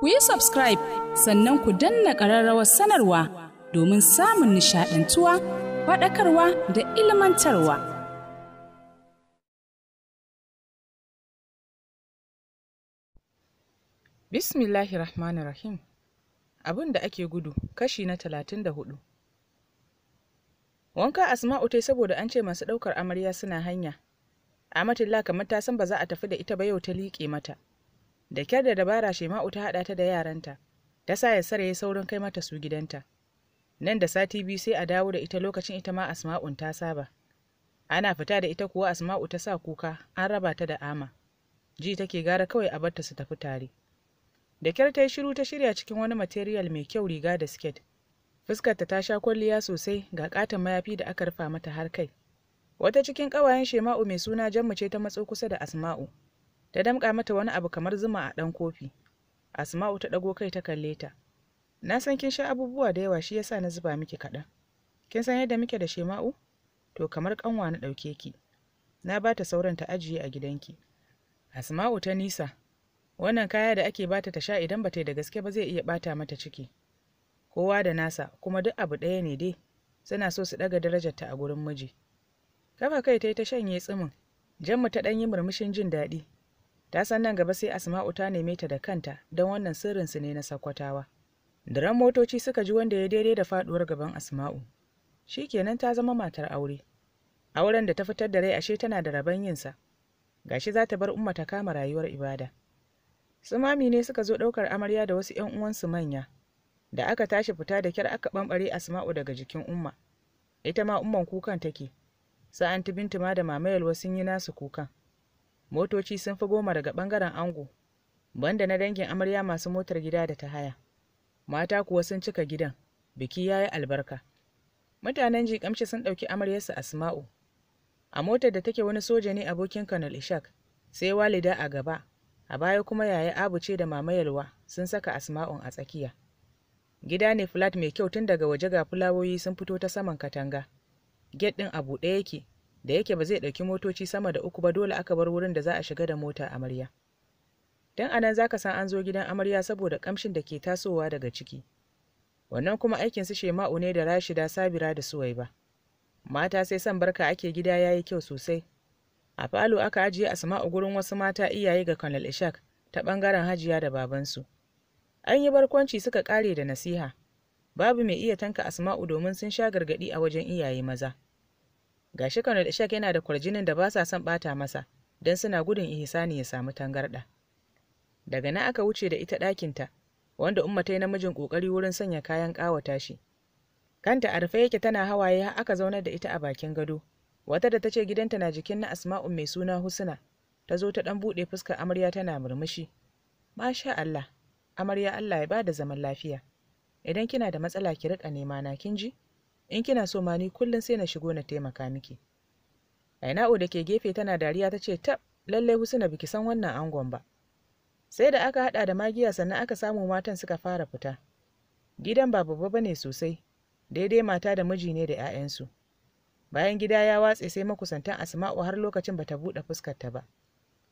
ku yi subscribe sannan ku danna ƙararrawar sanarwa domin samun nishaɗantuwa faɗakarwa da ilmantarwa. Bismillahi Rahmanir Rahim Abin da ake gudu kashi na talatin da hudu. Wanka Asma'u tai saboda an ce masu ɗaukar amarya suna hanya. Amatullah kamar ta san ba za a tafi da ita ba yau ta liƙe mata. da kyar da dabara shema'u ta haɗa ta da yaranta ta sa ya sare saurin kai mata su gidanta nan da sati biyu sai a dawo da ita lokacin ita ma asma'un ta saba ana fita da ita kuwa asma'u ta sa kuka an raba ta da ama ji take gara kawai a barta su tafi tare da kyar ta yi shiru ta shirya cikin wani material mai kyau riga da siket fuskarta ta sha kwalliya sosai ga katon mayafi da aka rufa mata har kai wata cikin ƙawayen shema'u mai suna ce ta matso kusa da asma'u ta damƙa mata wani abu kamar zuma a ɗan kofi asma'u ta ɗago kai ta kalle ta na san kin sha abubuwa da yawa shi yasa na zuba miki kaɗan kin san yadda muke da shema'u to kamar ƙanwa na ɗauke ki na ba ta sauran ta ajiye a gidanki asma'u ta nisa wannan kaya da ake bata ta sha idan bata yi da gaske ba zai iya bata mata ciki kowa da nasa kuma duk abu ɗaya ne dai suna so su ɗaga darajar ta a gurin miji kafa kai ta yi ta shanye tsimin mu ta ɗan yi murmushin jin daɗi ta san nan gaba sai asma'u ta neme ta da kanta don wannan sirrinsu ne na sakwatawa. daren motoci suka ji wanda ya daidai da faduwar gaban asma'u Shi kenan ta zama matar aure auren da ta fitar da rai ashe tana da rabon yinsa gashi za ta bar umma ta kama rayuwar ibada su mami ne suka zo ɗaukar amarya da wasu 'yan uwansu manya da aka tashi fita da kyar aka ɓamɓare asma'u daga jikin umma ita ma umman kukan take sa'an ta ma da mamayalwa sun yi nasu kukan motoci sun fi goma daga ɓangaren ango banda na dangin amarya masu motar gida da ta haya mata kuwa sun cika gidan biki ya yi albarka mutanen jikamci sun ɗauki amaryarsa asma'u a motar da take wani soja ne abokin kanal ishak sai walida a gaba a baya kuma yaya abu ce da mama yalwa sun saka asma'un a tsakiya gida ne flat mai kyau tun daga waje ga fulawoyi sun fito ta saman katanga get ɗin abu ɗaya yake da yake ba zai ɗauki motoci sama da uku ba dole aka bar wurin da za a shiga da mota amarya don anan za ka san an zo gidan amarya saboda ƙamshin da ke tasowa daga ciki wannan kuma aikin su shema'u ne da rashida sabira da suwai ba mata sai son barka ake gida ya yi kyau sosai a falo aka ajiye asma'u gurin wasu mata iyaye ga kanal ishak ta ɓangaren hajiya da babansu an yi barkwanci suka ƙare da nasiha babu mai iya tanka asma'u domin sun sha gargaɗi a wajen iyaye maza gashi da shak yana da kwarjinin da ba sa son bata masa don suna gudun ihsani ya samu tangarda daga na aka wuce da ita ɗakinta wanda umma ta yi namijin ƙoƙari wurin sanya kayan ƙawata shi kanta a rufe yake tana hawaye har aka zaunar da ita a bakin gado wata da ta ce gidanta na jikin na asma'u mai suna husna ta zo ta ɗan buɗe fuskar amarya tana murmushi masha Allah amarya Allah ya bada zaman lafiya idan kina da matsala ki riƙa nema na kin ji in kina so ma ni kullum sai na shigo na taimaka miki aina'u da ke gefe tana dariya ta ce tab lallai husuna biki san wannan angon ba sai da aka hada da magiya sannan aka samu matan suka fara fita gidan ba babba bane sosai daidai mata da miji ne da 'ya'yansu bayan gida ya watse sai makusantan asma'u har lokacin bata buɗe fuskar ta ba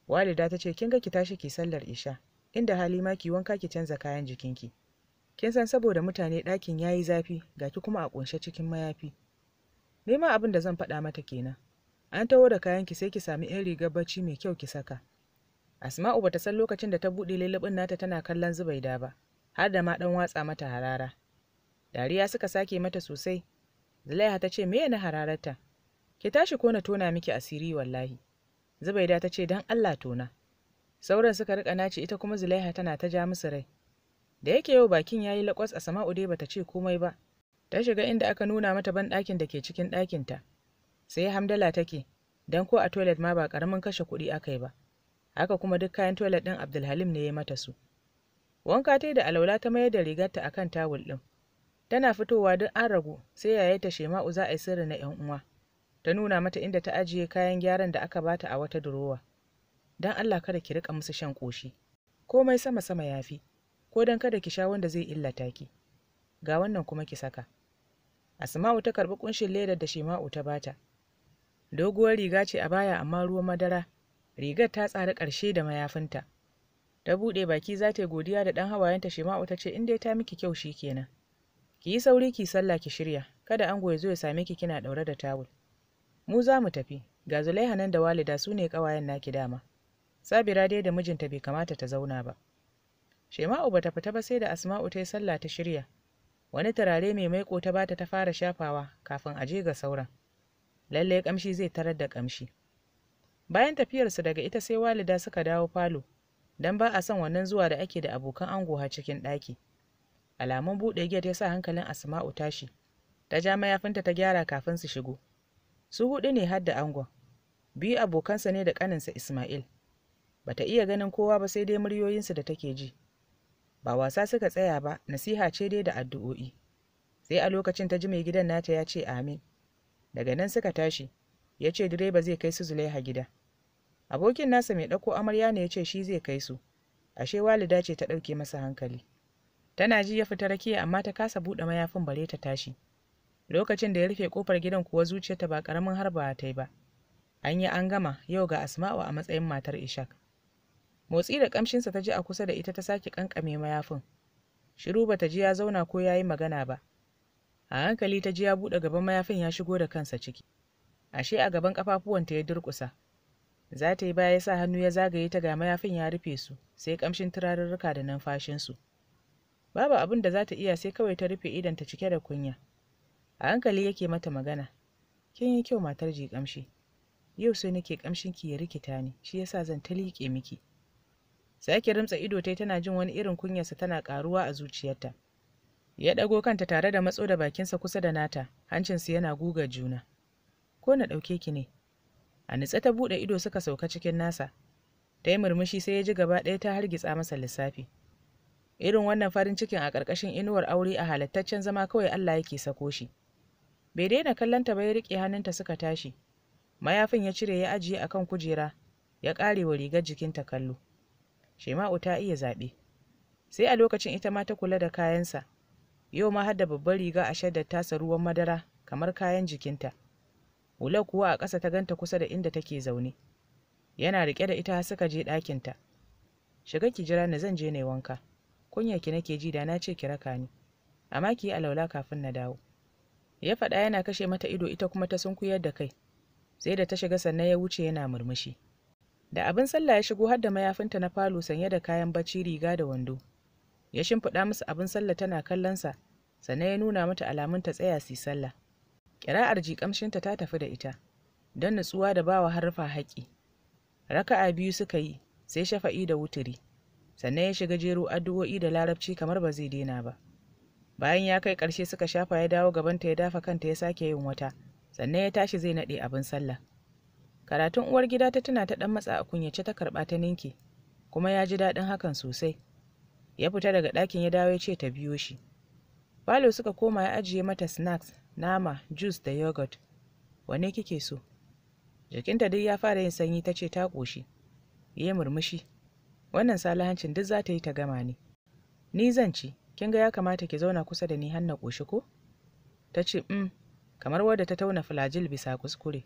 walida ta ce kin ga ki tashi ki sallar isha inda hali ma ki wanka ki canza kayan jikinki kin san saboda mutane ɗakin ya yi zafi ga ki kuma a ƙunshe cikin mayafi nema abin da zan faɗa mata kenan an taho da kayanki sai ki sami yan rigar bacci mai kyau ki saka asma'u bata san lokacin da ta buɗe lallabin nata tana kallon zubaida ba har da ma ɗan watsa mata harara dariya suka sake mata sosai zulaiha ta ce meye na harararta ki tashi ko na tona miki asiri wallahi zubaida ta ce don allah tona sauran suka rika naci ita kuma zulaiha tana ta ja musu rai da yake yau bakin ya yi laƙwas a sama'u dai bata ce komai ba ta shiga inda aka nuna mata banɗakin da ke cikin ɗakinta sai hamdala take don ko a toilet ma ba ƙaramin kashe kuɗi aka yi ba haka kuma duk kayan toilet ɗin abdulhalim ne ya mata su wanka ta da alaula ta mayar da rigarta akan tawul ɗin tana fitowa duk an ragu sai yaya ta shema'u za a yi sirri na yan uwa ta nuna mata inda ta ajiye kayan gyaran da aka bata a wata durowa don allah kada ki riƙa musu shan ƙoshi komai sama sama ya fi. ko don kada ki sha wanda zai illata ki ga wannan kuma ki saka asma'u ta karbi kunshin ledar da shima'u ta bata doguwar riga ce a baya amma ruwan madara rigar ta tsari ƙarshe da mayafinta ta buɗe baki za ta yi godiya da ɗan hawayenta shima'u ta ce in dai ta miki kyau shi kenan ki yi sauri ki sallah ki shirya kada ango ya zo ya same ki kina ɗaure da tawul mu za mu tafi ga zulaiha nan da walida su ne ƙawayen naki dama sabira dai da mijinta bai kamata ta zauna ba Shema'u bata fita ba sai da Asma'u ta yi sallah ta shirya. Wani turare mai maiko ta bata ta fara shafawa kafin a je ga sauran. Lalle kamshi zai tarar da kamshi. Bayan tafiyarsu daga ita sai walida suka dawo falo, don ba a son wannan zuwa da ake da abokan ango ha cikin ɗaki. Alamun buɗe gate ya sa hankalin Asma'u tashi. Ta ja mayafinta ta gyara kafin su shigo. Su huɗu ne har da angon. Biyu abokansa ne da ƙaninsa Ismail. Bata iya ganin kowa ba sai dai muryoyinsu da take ji. ba wasa suka tsaya ba nasiha ce dai da addu'o'i sai a lokacin ta ji mai gidan nata ya ce amin daga nan suka tashi ya ce direba zai kai su zulaiha gida abokin nasa mai ɗauko amarya ne ya ce shi zai kai su ashe walida ce ta ɗauke masa hankali tana ji ya fita rakiya amma ta kasa buɗe mayafin bare ta tashi lokacin da ya rufe kofar gidan kuwa zuciyarta ba ƙaramin harba ta yi ba an yi an gama yau ga asma'u a matsayin matar ishak motsi da kamshinsa ta ji a kusa da ita ta sake kankame mayafin shiru bata ji ya zauna ko yayi magana ba a hankali ta ji ya buɗe gaban mayafin ya shigo da kansa ciki ashe a gaban kafafuwanta ya durƙusa za ta yi baya ya sa hannu ya zagaye ta ga mayafin ya rufe su sai kamshin turarurruka da numfashinsu babu abin da za ta iya sai kawai ta rufe idanta cike da kunya a hankali yake mata magana kin yi kyau matar ji kamshi yau sai nake kamshin ki ya rikita ni shi yasa zan ta liƙe miki sake rimtsa ido tai tana jin wani irin kunyarsa tana karuwa a zuciyarta ya ɗago kanta tare da matso da bakinsa kusa da nata hancinsa yana guga juna ko na ɗauke ki ne a nitsa ta buɗe ido suka sauka cikin nasa ta yi murmushi sai ya ji gaba ɗaya ta hargitsa masa lissafi irin wannan farin cikin a ƙarƙashin inuwar aure a halattaccen zama kawai Allah yake sako shi bai daina kallonta ba ya riƙe hannunta suka tashi mayafin ya cire ya ajiye akan kujera ya ƙare wa rigar jikinta kallo Shema'u ta iya zaɓe. Sai a lokacin ita ma ta kula da kayansa. Yau ma har babbar riga a shaddar tasa ruwan madara kamar kayan jikinta. hula kuwa a ƙasa ta ganta kusa da inda take zaune. Yana riƙe da ita suka je ɗakinta. Shiga ki jira na zan je na wanka. Kunya ki nake ji da na ce ki raka ni. Amma ki yi alaula kafin na dawo. Ya faɗa yana kashe mata ido ita kuma ta sunkuyar da kai. Sai da ta shiga sannan ya wuce yana murmushi. da abin sallah ya shigo har da mayafinta na falo sanye da kayan bacci riga da wando ya shimfiɗa musu abin sallah tana kallonsa sannan ya nuna mata alamun ta tsaya su sallah ƙira'ar jiƙamshinta ta tafi da ita don nutsuwa da bawa harfa haƙƙi raka'a biyu suka yi sai shafa'i da wuturi sannan ya shiga jero addu'o'i da larabci kamar ba zai daina ba bayan ya kai ƙarshe suka shafa ya dawo gabanta ya dafa kanta ya sake yin wata sannan ya tashi zai naɗe abin sallah karatun uwar gida ta tuna ta ɗan matsa a kunyace ta karɓa ta ninki kuma ya ji daɗin hakan sosai ya fita daga ɗakin ya dawo ya ce ta biyo shi falo suka koma ya ajiye mata snacks nama juice da yogurt wane kike so jikinta duk ya fara yin sanyi ta ce ta ƙoshi ya murmushi wannan salahancin duk za ta yi ta gama ne ni zan ci kin ga ya kamata ki zauna kusa da ni har na ƙoshi ko ta ce mm. kamar wadda ta tauna Fulajil bisa kuskure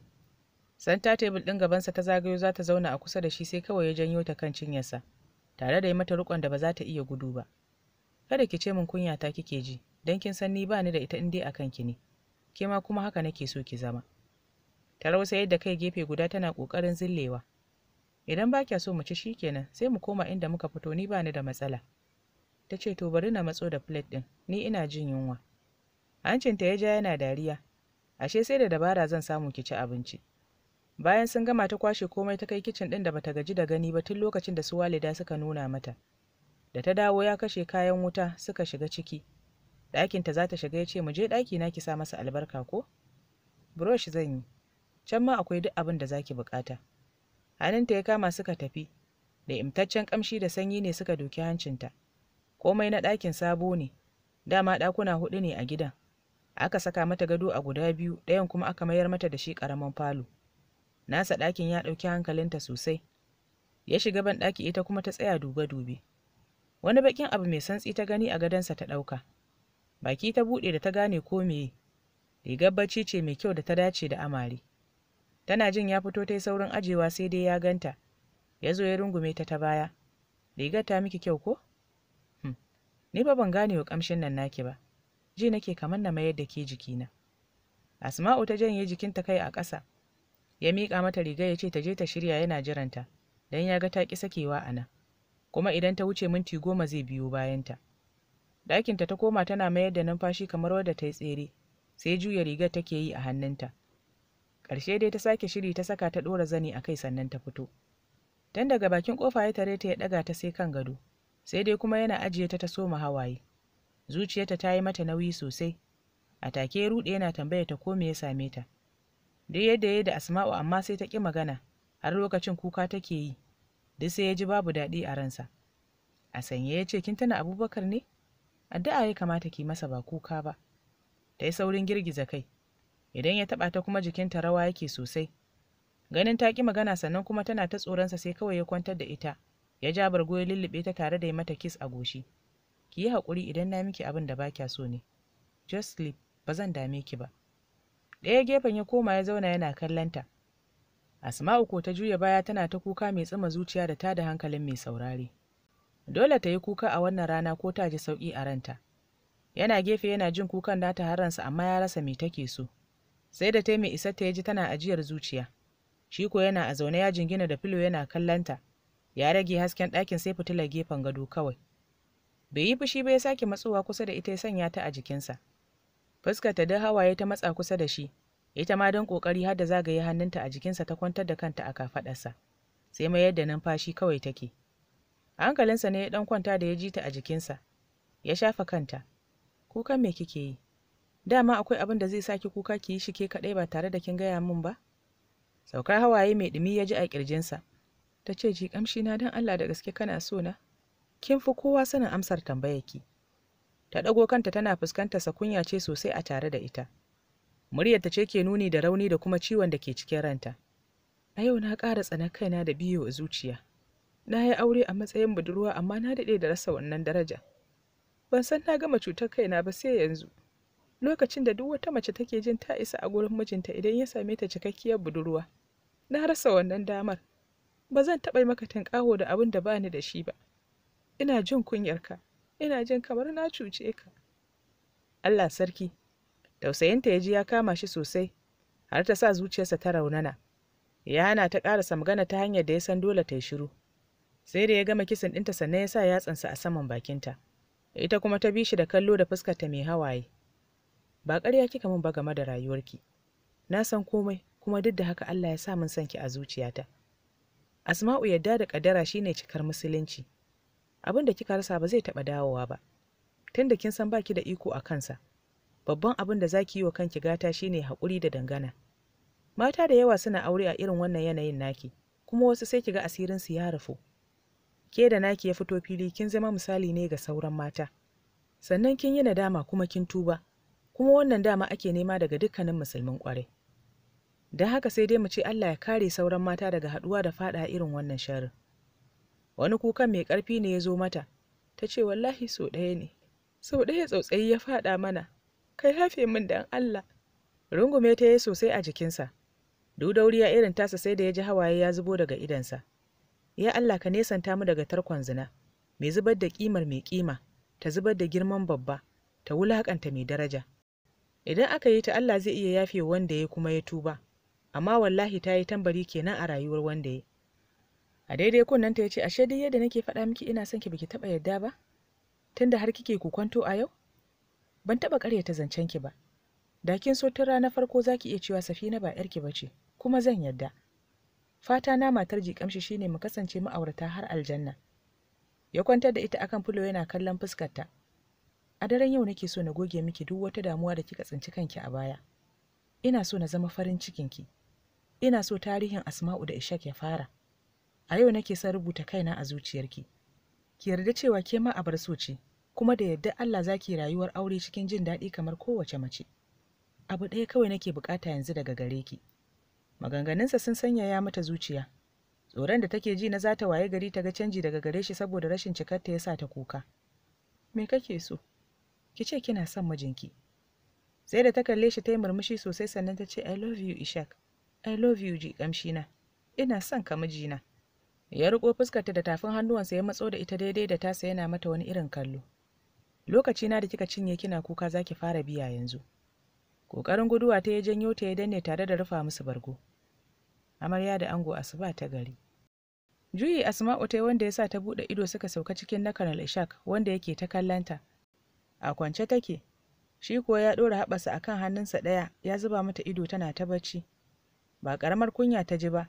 santa tebul ɗin gabansa ta zagayo za ta zauna a kusa da shi sai kawai ya janyo ta kan cinyarsa tare da yi mata rikon da ba za ta iya gudu ba kada ki ce min kunya ta kike ji don kin san ni ba ni da ita in dai akan ki ne ke ma kuma haka nake so ki zama ta sai yadda kai gefe guda tana kokarin zillewa idan ba kya so mu ci shikenan sai mu koma inda muka fito ni ba ni da matsala ta ce to bari na matso da plate ɗin, ni ina jin yunwa hancinta ya ja yana dariya ashe sai da dabara zan samu ki ci abinci bayan sun gama ta kwashe komai ta kai kicin ɗin da bata gaji da gani ba tun lokacin da su walida suka nuna mata da ta dawo ya kashe kayan wuta suka shiga ciki ɗakinta za ta shiga ya ce mu je ɗaki na ki sa masa albarka ko burosh zan yi can ma akwai duk abin da zaki bukata hannunta ya kama suka tafi da imtaccen kamshi da sanyi ne suka doki hancinta komai na ɗakin sabo ne dama ɗakuna huɗu ne a gidan aka saka mata gado a guda biyu ɗayan kuma aka mayar mata da shi ƙaramin falo nasa ɗakin ya ɗauki hankalinta sosai ya shiga ban ɗaki ita kuma ta tsaya duba dubi wani baƙin abu mai santsi ta gani a gadonsa ta ɗauka baki ta buɗe da ta gane ko meye rigar bacci ce mai kyau da ta dace da amare tana jin ya fito ta yi saurin ajewa sai dai ya ganta ya zo ya rungume ta ta baya rigar ta miki kyau ko hmm. ni ba ban gane wa kamshin nan naki ba ji nake kamar na mayar da ke jikina asma'u ta janye jikinta kai a ƙasa ya miƙa mata riga ya ce ta je ta shirya yana jiranta don ya ga ta ƙi sakewa a nan kuma idan ta wuce minti goma zai biyo bayanta ɗakinta ta koma tana mayar da numfashi kamar wadda ta yi tsere sai juya rigar take yi a hannunta ƙarshe dai ta sake shiri ta saka ta ɗora zani a kai sannan ta fito tun daga bakin ƙofa ya tare ta ya ɗaga ta sai kan gado sai dai kuma yana ajiye ta ta soma hawaye zuciyarta ta yi mata nauyi sosai a take ya ruɗe yana tambaya ta ko me ya same ta duk yadda ya da Asma'u amma sai ta ƙi magana har lokacin kuka take yi duk sai ya ji babu daɗi a ransa a sanye ya ce kin tana Abubakar ne addu'a ya kamata ki masa ba kuka ba ta yi saurin girgiza kai idan ya taɓa ta kuma jikinta rawa yake sosai ganin ta ƙi magana sannan kuma tana ta tsoronsa sai kawai ya kwantar da ita ya ja bargo ya lullube ta tare da ya mata kis a goshi ki yi haƙuri idan na miki abin da ba so ne just sleep ba zan dame ki ba ɗaya gefen ya koma ya zauna yana kallonta asma'u ko ta juya baya tana ta kuka mai tsima zuciya da tada hankalin mai saurare dole ta yi kuka a wannan rana ko ta ji sauƙi a ranta yana gefe yana jin kukan nata har ransa amma ya rasa me take so sai da ta yi mai isa ta ji tana ajiyar zuciya shi ko yana a zaune ya jingina da filo yana kallanta ya rage hasken ɗakin sai fitilar gefen gado kawai bai yi fushi ba ya sake matsowa kusa da ita ya sanya ta a jikinsa fuskarta duk hawaye ta matsa kusa da shi ita ma don kokari har da zagaye hannunta a jikinsa ta kwantar da kanta a kafaɗarsa sai mai da numfashi kawai take hankalinsa ne ya dan kwanta da ya ji ta a jikinsa ya shafa kanta kukan me kike yi dama akwai abin da zai saki kuka ki yi shi ke kaɗai ba tare da kin gaya min ba saukar hawaye mai dumi ya ji a kirjinsa ta ce ji kamshi na don allah da gaske kana so na kin fi kowa sanin amsar tambayarki ta ɗago kanta tana sa kunya ce sosai a tare da ita muryarta ce ke nuni da rauni da kuma ciwon da ke cikin ranta a yau na ƙara tsana kaina da biyo a zuciya na yi aure a matsayin budurwa amma na daɗe da rasa wannan daraja ban san na gama cutar kaina ba sai yanzu lokacin da duk wata mace take jin ta isa a gurin mijinta idan ya same ta cikakkiyar budurwa na rasa wannan damar ba zan taɓa maka tinƙaho da abin da bani da shi ba ina jin kunyarka ina jin kamar na cuce ka Allah sarki tausayinta ya ji ya kama shi sosai har ta sa zuciyarsa ta raunana ya hana ta ƙarasa magana ta hanyar da ya san dole ta yi shiru sai da ya gama kisan ɗinta sannan ya sa yatsansa a saman bakinta ita kuma ta bi shi da kallo da fuskarta mai hawaye ba ƙarya kika min ba game da rayuwarki na san komai kuma duk da haka Allah ya sa min son ki a zuciyata Asma'u yadda da ƙaddara shine cikar musulunci abin da kika rasa ba zai taɓa dawowa ba tunda kin san baki da iko a kansa babban abin da za ki yi wa kanki gata shine haƙuri da dangana mata da yawa suna aure a irin wannan yanayin naki kuma wasu sai kiga asirin su ya rufu ke da naki ya fito fili kin zama misali ne ga sauran mata sannan kin yi nadama kuma kin tuba kuma wannan dama ake nema daga dukkanin musulmin kwarai don haka sai dai mu ce Allah ya kare sauran mata daga haɗuwa da faɗa irin wannan sharrin wani kukan mai ƙarfi ne ya zo mata ta ce wallahi sau ɗaya ne sau ɗaya tsautsayi ya faɗa mana kai hafe min dan allah rungume ta yi sosai a jikinsa ya irin tasa sai da ya ji hawaye ya zubo daga idansa ya allah ka nesanta mu daga tarkon zina mai zubar da kimar mai kima ta zubar da girman babba ta wulakanta mai daraja idan aka yi ta allah zai iya yafe wanda ya kuma ya tuba amma wallahi ta yi tambari kenan a rayuwar wanda ya a daidai kunnen ta ce, ashe dai yadda nake faɗa miki ina son ki biki taɓa yadda ba tunda har kike kwanto a yau ban taɓa ƙaryata zancen ki ba da kin so tun ranar farko zaki iya cewa safina ba yarki ce, kuma zan yarda fata na matar jikamshi shine mu kasance ma'aurata har aljanna ya kwantar da ita akan fulo yana kallon fuskarta a daren yau nake so na goge miki duk wata damuwa da kika tsinci kanki a baya ina so na zama farin cikinki ina so tarihin asma'u da ishak ya fara a yau nake son rubuta kaina a zuciyarki ki yarda cewa ke ma abar so ce kuma da yadda Allah zaki rayuwar aure cikin jin daɗi kamar kowace mace abu ɗaya kawai nake bukata yanzu daga gare ki maganganunsa sun sanyaya mata zuciya tsoron da take ji na za ta waye gari ta ga canji daga gare shi saboda rashin cikarta ya sa ta kuka me kake so ki ce kina son mijinki sai da ta kalle shi ta yi murmushi sosai sannan ta ce i love you ishak i love you ji kamshina ina son ka mijina ya riko fuskarta da tafin hannuwansa ya matso da ita daidai da tasa yana mata wani irin kallo lokaci na da kika cinye kina kuka zaki fara biya yanzu kokarin guduwa ta ya janyo ta ya danne tare da rufa musu bargo amarya da ango asuba ta gari juyi asma'u ta wanda ya sa ta bude ido suka sauka cikin na kanal ishak wanda yake ta kallanta a kwance take shi kuwa ya dora haɓasa akan hannunsa ɗaya ya zuba mata ido tana ta bacci ba ƙaramar kunya ta ji ba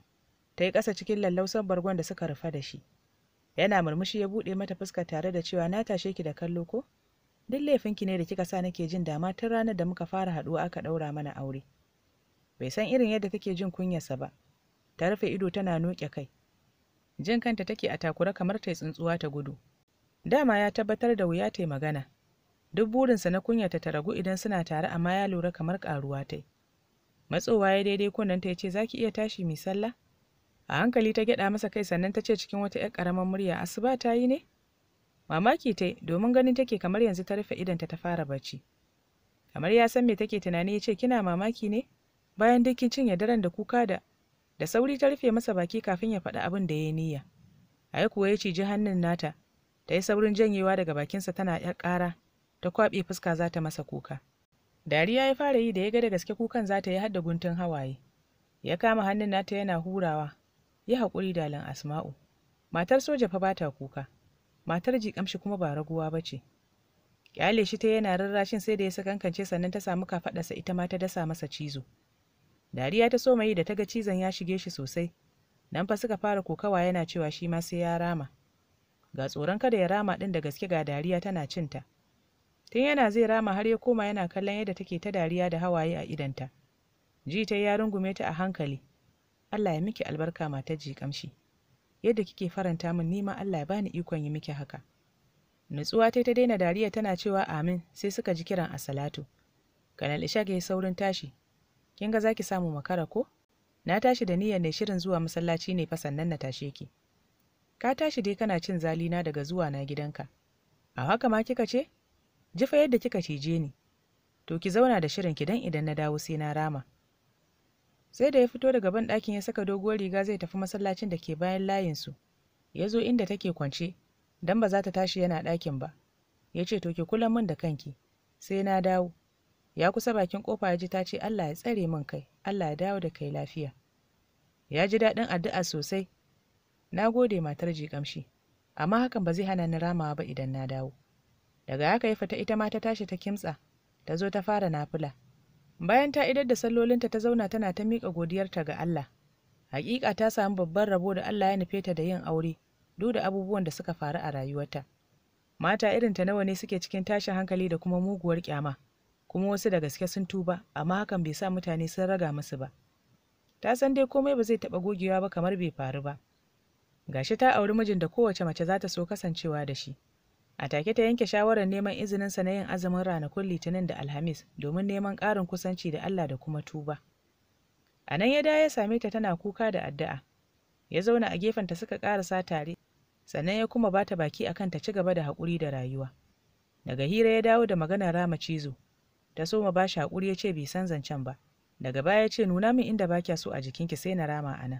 ta yi ƙasa cikin lallausar bargon da suka rufe da shi yana murmushi ya buɗe mata fuska tare da cewa na tashe ki da kallo ko duk laifinki ne da kika sa nake jin dama tun ranar da muka fara haɗuwa aka ɗaura mana aure bai san irin yadda take jin kunyarsa ba ta rufe ido tana noƙe kai jin kanta take a takura kamar ta tsuntsuwa ta gudu dama ya tabbatar da wuya ta magana duk burinsa na kunyata ta ragu idan suna tare amma ya lura kamar karuwa ta yi. matsowa ya daidai kunnen ta ya ce za ki iya tashi mai sallah a hankali ta gyada masa kai sannan ta ce cikin wata 'yar karamar murya asuba ta yi ne mamaki ta domin ganin take kamar yanzu ta rufe idanta ta fara bacci kamar ya san me take tunani ya ce kina mamaki ne bayan dukkin cin cinye daren da kuka da da sauri ta rufe masa baki kafin ya faɗi abin da ya niyya ai kuwa ya ciji hannun nata ta yi saurin janyewa daga bakinsa tana 'yar ƙara ta kwaɓe fuska za ta masa kuka dariya ya fara yi da ya ga da gaske kukan za ta yi hadda guntun hawaye ya kama hannun nata yana hurawa yi haƙuri lan asma'u matar soja fa bata kuka matar jiƙamshi kuma ba raguwa ba ce ƙyale shi ta yana rarrashin sai da ya sakankance sannan ta samu kafaɗarsa ita ma ta dasa masa cizo dariya ta so yi da ta ga cizon ya shige shi sosai nan fa suka fara kokawa yana cewa shi ma sai ya rama ga tsoron kada ya rama ɗin da gaske ga dariya tana cin ta. tun yana zai rama har ya koma yana kallon yadda take ta dariya da hawaye a idanta ji ta ya rungume ta a hankali Allah ya miki albarka mata ji kamshi yadda kike faranta min nima Allah ya bani ikon yi miki haka nutsuwa ta ta daina dariya tana cewa amin sai suka ji kiran a salatu kanal ishaq ya saurin tashi kin ga zaki samu makara ko na tashi da niyyar ne shirin zuwa masallaci ne fa sannan na tashe ki ka tashi dai kana cin zalina daga zuwa na gidanka a haka ma kika ce jifa yadda kika cije ni to ki zauna da shirin ki dan idan na dawo sai na rama sai da ya fito daga banɗakin ya saka doguwar riga zai tafi masallacin da ke bayan layinsu ya zo inda take kwance don ba za ta tashi yana ɗakin ba ya ce to ke kula min da kanki sai na dawo ya kusa bakin kofa ya ji ta ce allah ya tsare min kai allah ya dawo da kai lafiya ya ji daɗin addu'a sosai na gode matar jiƙamshi amma hakan ba zai hana ni ramawa ba idan na dawo daga haka ya fita ita ma ta tashi ta kimtsa ta zo ta fara nafila bayan ta idar da sallolinta ta zauna tana ta miƙa godiyarta ga Allah hakika ta samu babban rabo da Allah ya nufe ta da yin aure duk da abubuwan da suka faru a rayuwarta mata irin ta nawa ne suke cikin tashin hankali da kuma muguwar kyama kuma wasu da gaske sun tuba amma hakan bai sa mutane sun raga musu ba ta san dai komai ba zai taɓa gogewa ba kamar bai faru ba gashi ta auri mijin da kowace mace za ta so kasancewa da shi a take ta yanke shawarar neman izininsa na yin azumin ranakun litinin da alhamis domin neman ƙarin kusanci da allah da kuma tuba a nan ya da ya same ta tana kuka da addu'a ya zauna a gefenta suka ƙarasa tare sannan ya kuma bata baki akan ta ci gaba da haƙuri da rayuwa daga hira ya dawo da magana rama cizo ta soma ba shi haƙuri ya ce bai san zancen ba daga baya ya ce nuna min inda ba so a jikinki sai na rama anan.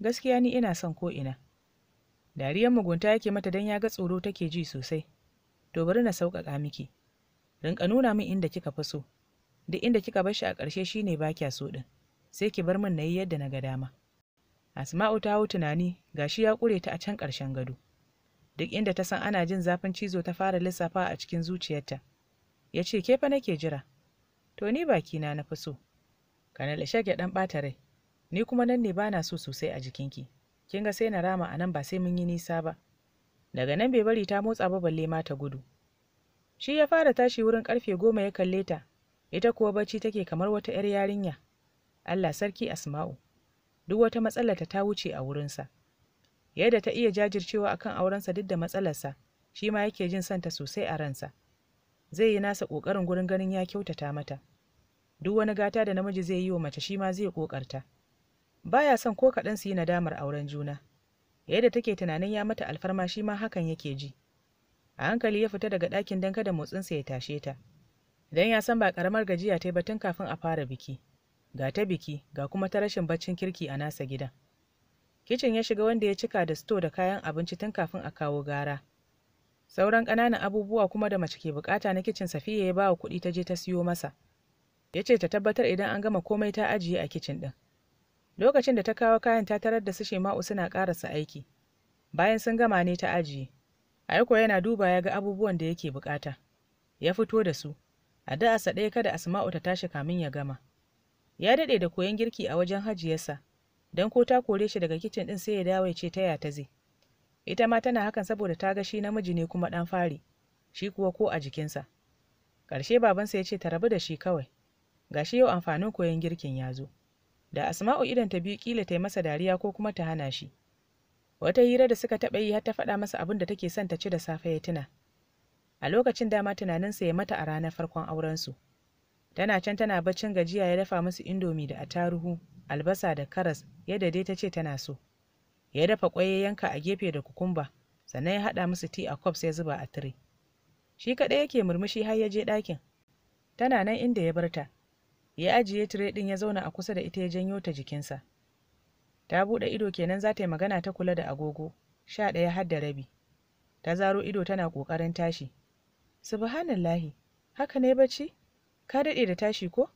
gaskiya ni ina son ko ina dariyar mugunta yake mata don ya ga tsoro take ji sosai to bari na sauƙaƙa miki rinka nuna min inda kika fi so duk inda kika bar shi a ƙarshe shine ba kya so ɗin sai ki bar min na yi yadda na ga dama asma'u ta hau tunani ga shi ya ƙure ta a can ƙarshen gado duk inda ta san ana jin zafin cizo ta fara lissafa a cikin zuciyarta ya ce ke fa nake jira to ni bakina na fi so kanal shag ya ɗan ɓata rai ni kuma nan ne bana so sosai a jikinki kin ga sai na rama a nan ba sai mun yi nisa ba daga nan bai bari ta motsa ba balle ma ta gudu shi ya fara tashi wurin karfe goma ya kalle ta ita kuwa bacci take kamar wata 'yar yarinya allah sarki asma'u duk wata matsala ta ta wuce a wurinsa yadda ta iya jajircewa akan aurensa duk da matsalarsa shi ma yake jin santa sosai a ransa zai yi nasa ƙoƙarin gurin ganin ya kyautata mata duk wani gata da namiji zai yi wa mace shi ma zai ƙoƙarta baya son ko kaɗan su yi nadamar auren juna yadda take tunanin ya mata alfarma shi ma hakan yake ji a hankali ya fita daga ɗakin don kada motsinsa ya tashe ta don ya san ba ƙaramar gajiya ta yi ba kafin a fara biki ga ta biki ga kuma ta rashin baccin kirki a nasa gidan kicin ya shiga wanda ya cika da sto da kayan abinci tun kafin a kawo gara sauran ƙananan abubuwa kuma da mace ke bukata na kicin safiya ya bawa kuɗi ta je ta siyo masa ya ce ta tabbatar idan an gama komai ta ajiye a kicin ɗin lokacin da ta kawo kayan ta tarar da su shema'u suna su aiki bayan sun gama ne ta ajiye aiko yana duba ya ga abubuwan da yake bukata ya fito da su A da, asa ɗaya kada asma'u ta tashi kamin ya gama ya daɗe da koyon girki a wajen hajiyarsa don ko ta kore shi daga kicin ɗin sai ya dawo ya ce taya ta zai ita ma tana hakan saboda ta ga shi namiji ne kuma ɗan fari shi kuwa ko a jikinsa ƙarshe babansa ya ce ta rabu da shi kawai Ga shi yau amfanin koyon girkin ya zo da asma'u idan ta biyu kila ta yi masa dariya ko kuma ta hana shi wata hira da suka taɓa yi har ta faɗa masa abin da take son ta ci da safe ya tuna a lokacin dama tunaninsa ya mata a ranar farkon aurensu tana can tana baccin gajiya ya dafa musu indomi da attaruhu albasa da karas yadda dai ta ce tana so ya dafa ƙwai ya yanka a gefe da kukumba sannan ya haɗa musu ti a kwaf sai zuba a tire shi kaɗai yake murmushi har ya je ɗakin tana nan inda ya bar ta ya ajiye tire din ya zauna a kusa da ita ya janyo ta jikinsa ta buɗe ido kenan za ta yi magana ta kula da agogo sha ɗaya har da rabi ta zaro ido tana ƙoƙarin tashi subhanallahi haka ne bacci ka daɗe da tashi ko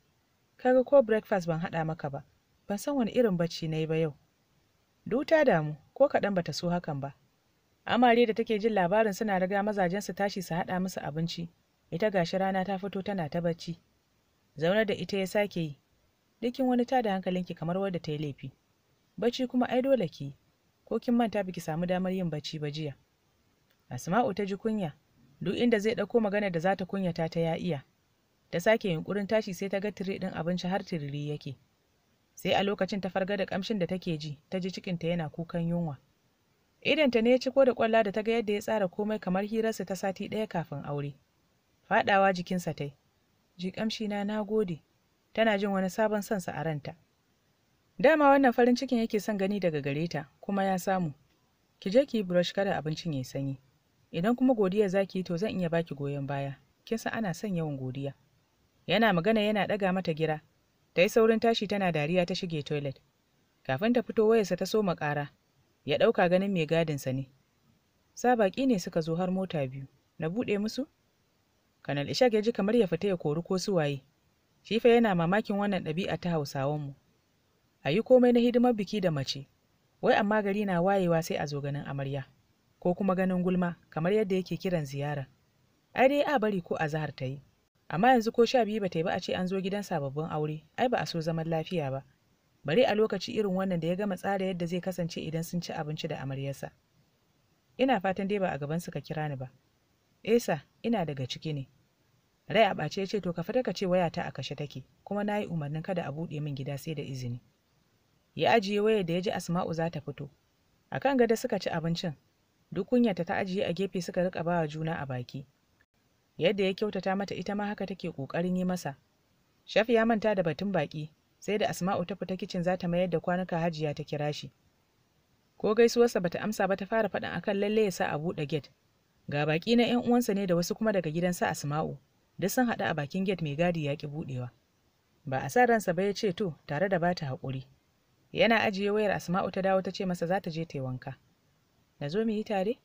Ka ga ko breakfast ban haɗa maka ba ban san wani irin bacci na yi ba yau duta damu ko kaɗan bata so hakan ba amare da take jin labarin suna riga mazajensu tashi su haɗa musu abinci ita gashi rana ta fito tana ta bacci zaune da ita ya sake yi dukin wani tada hankalinki kamar wadda ta yi laifi bacci kuma ai dole ki ko kin manta biki samu damar yin bacci ba jiya asma'u ta ji kunya duk inda zai ɗauko magana da za ta kunyata ta ya iya ta sake yunkurin tashi sai ta ga tire ɗin abinci har tiriri yake sai a lokacin ta farga da ƙamshin da take ji ta ji cikinta yana kukan yunwa idanta ne ya ciko da kwalla da ta ga yadda ya tsara komai kamar hirarsa ta sati ɗaya kafin aure faɗawa jikinsa ta yi. ji kamshina na gode tana jin wani sabon sansa a ranta dama wannan farin cikin yake son gani daga gare ta kuma ya samu ki je ki yi brush kada abincin ya sanyi idan kuma godiya zaki yi to zan iya baki goyon baya kin san ana son yawan godiya yana magana yana ɗaga mata gira ta yi saurin tashi tana dariya ta shige toilet kafin ta fito wayarsa ta soma ƙara ya ɗauka ganin mai gadinsa ne sa baƙi ne suka zo har mota biyu na buɗe musu kanal ishak ya ji kamar ya fita ya kori ko suwaye shi fa yana mamakin wannan ɗabi'a ta mu. a yi komai na hidimar biki da mace wai amma gari na wayewa sai a zo ganin amarya ko kuma ganin gulma kamar yadda yake kiran ziyara ai dai a bari ko a zahar ta yi amma yanzu ko sha biyu ba ta yi ba a ce an zo gidan sababbin aure ai ba a so zaman lafiya ba bari a lokaci irin wannan da ya gama tsara yadda zai kasance idan sun ci abinci da amaryarsa ina fatan dai ba a gaban ka kira ni ba esa ina daga ciki ne rai a ɓace ya ce to ka fita ka ce wayata a kashe take kuma na yi umarnin kada a buɗe min gida sai da izini ya ajiye wayar da ya ji asma'u za ta fito a kan gada suka ci abincin duk kunyata ta ajiye a gefe suka rika ba wa juna a baki yadda ya kyautata mata ita ma haka take ƙoƙarin yi masa shafi ya manta da batun baƙi sai da asma'u ta fita kicin za ta mayar da kwanuka hajiya ta kira shi ko gaisuwarsa bata amsa ba ta fara faɗin akan lalle ya sa a buɗe gate ga baki na 'yan uwansa ne da wasu kuma daga gidansa asma'u duk sun haɗu a bakin gate mai gadi ya ki buɗewa ba a sa ransa ba ya ce to tare da bata haƙuri yana ajiye wayar asma'u ta dawo ta ce masa za ta je ta yi wanka na zo mu yi tare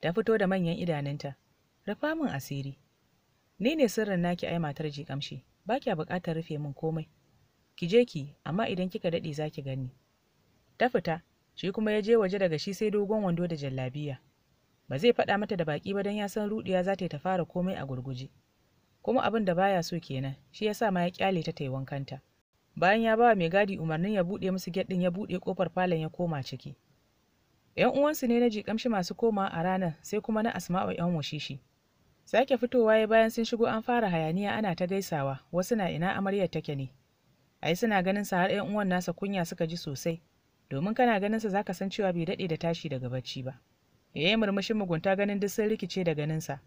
ta fito da manyan idanunta rufa min asiri ni ne sirrin naki ai matar ji kamshi ba kya buƙatar rufe min komai ki je ki amma idan kika daɗe za ki gani ta fita shi kuma ya je waje daga shi sai dogon wando da jallabiya ba zai faɗa mata da baƙi ba don ya san ruɗiya za ta yi ta fara komai a gurguje kuma abin da baya so kenan shi ya sa ma ya kyale ta ta yi wankanta bayan ya bawa mai gadi umarnin ya buɗe musu gyaɗin ya buɗe kofar falon ya koma ciki yan uwansu ne na ji kamshi masu koma a ranar sai kuma na asma'u yan washishi sake fitowa ya bayan sun shigo an fara hayaniya ana ta gaisawa wasu na ina amaryar take ne ai suna ganin sa har yan uwan nasa kunya suka ji sosai domin kana ganin sa zaka san cewa bai daɗe da tashi daga bacci ba ya eh, yi murmushin mugunta ganin duk sun rikice da ganinsa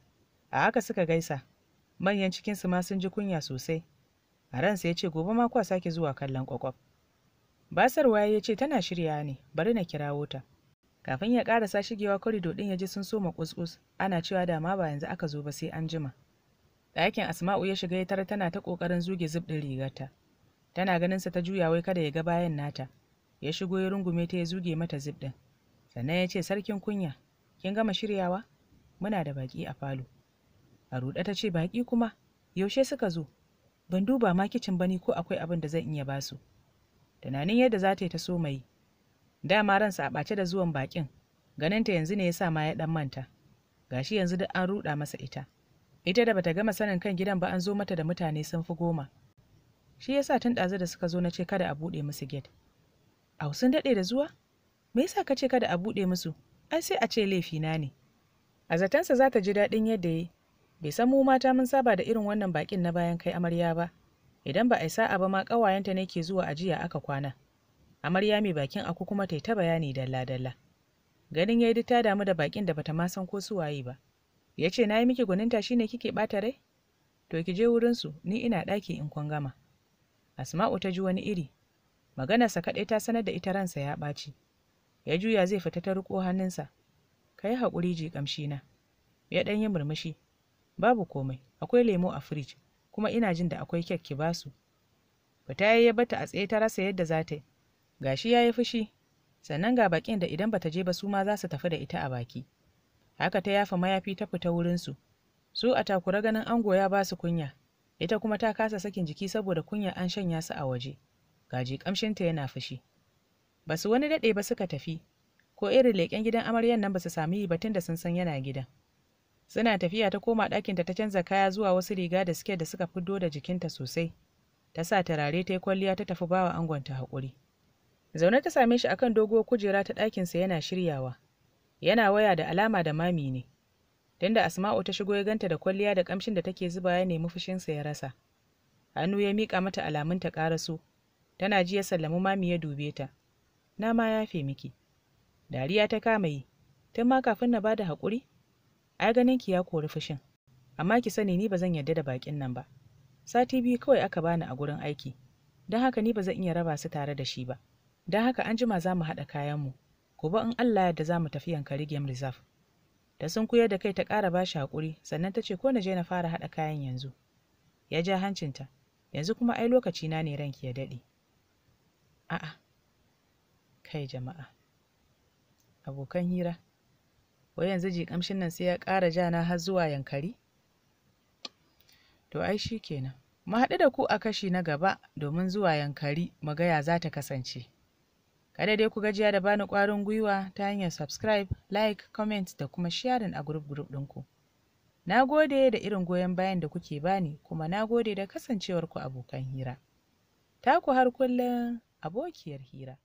a haka suka gaisa manyan cikinsu ma sun ji kunya sosai a ransa ya ce gobe ma a sake zuwa kallon kwakwaf basarwa ya ce tana shirya ne bari na kirawo ta kafin ya karasa shigewa korido din ya ji sun soma kuskus ana cewa da ma ba yanzu aka zo ba sai an jima ɗakin asma'u ya shiga ya tana ta ƙoƙarin zuge zub ɗin rigarta tana ganinsa ta juya wai kada ya ga bayan nata ya shigo ya rungume ta ya zuge mata zib ɗin sannan ya ce sarkin kunya kin gama shiryawa muna da baƙi a falo a ruɗe ta ce baƙi kuma yaushe suka zo ban duba ma kicin bani ko akwai abin da zan iya basu tunanin yadda za ta yi ta so mai dama ransa a ɓace da zuwan baƙin ganinta yanzu ne ya sa ma ya ɗan manta gashi yanzu duk an ruɗa masa ita ita da bata gama sanin kan gidan ba an zo mata da mutane sun fi goma shi yasa tun ɗazu da suka zo na ce kada a buɗe musu gate au sun daɗe da zuwa me yasa ka ce kada a buɗe musu ai sai a ce laifina ne a zatensa za ta ji daɗin yadda ya bai san mu mata mun saba da irin wannan bakin na bayan kai amarya ba idan ba a sa'a ba ma ƙawayenta ne ke zuwa ajiya aka kwana amarya mai bakin aku kuma ta yi ta bayani dalla dalla ganin ya yi ta damu da bakin da bata ma san ko su waye ba ya ce na yi miki gwaninta ne kike ɓata rai to ki je su, ni ina ɗaki in kun gama asma'u ta ji wani iri maganarsa kaɗai ta sanar da ita ransa ya ɓaci ya juya zai fita ta riko hannunsa ka yi haƙuri ji ƙamshina ya ɗan yi murmushi babu komai akwai lemo a firij kuma ina jin da akwai kek ki basu fita ya bata a tsaye ta rasa yadda za ta yi gashi ya yi fushi sannan ga baƙin da idan bata je ba su ma za su tafi da ita a baki haka ta yafa mayafi ta fita wurinsu su a takura ganin ango ya ba su kunya ita kuma ta kasa sakin jiki saboda kunya an shanya su a waje gaji ƙamshinta yana fushi ba su wani daɗe ba suka tafi ko irin leƙen gidan amaryan nan ba su sami yi batun da sun san yana gidan suna tafiya ta koma ɗakinta ta canza kaya zuwa wasu riga da suke da suka fiddo da jikinta sosai ta sa turare ta yi kwalliya ta tafi bawa angonta haƙuri zaune ta same shi akan doguwar kujera ta ɗakinsa yana shiryawa yana waya da alama da mami ne tunda asma'u ta shigo ya ganta da kwalliya da kamshin da take zuba ya nemi fushinsa ya rasa hannu ya mika mata alamun ta ƙaraso tana ji ya sallamu mami ya dube ta na ma yafe miki dariya ta kama yi tun ma kafin na bada haƙuri ai ganin ki ya kori fushin amma ki sani ni ba zan yarda da baƙin nan ba sati biyu kawai aka bani a gurin aiki don haka ni ba zan iya raba su tare da shi ba don haka an jima za mu haɗa kayanmu gobe in allah yadda za mu tafi yankari game reserve da sun kuyar da kai ta ƙara ba shi haƙuri sannan ta ce ko na je na fara haɗa kayan yanzu ya ja hancinta yanzu kuma ai lokaci na ne ranki ya daɗe a'a Kai jama'a, abokan hira, wai yanzu jiƙamshin nan sai ya ƙara jana har zuwa yankari? To ai shi kenan. Mu haɗu da ku a kashi na gaba domin zuwa yankari magaya za ta kasance. Kada dai ku gajiya da bani ƙwarin gwiwa ta hanyar subscribe, like, comment da kuma sharing a group group ɗinku. Na gode da irin goyon bayan da kuke bani kuma na gode da kasancewarku abokan hira. Taku har kullum abokiyar hira.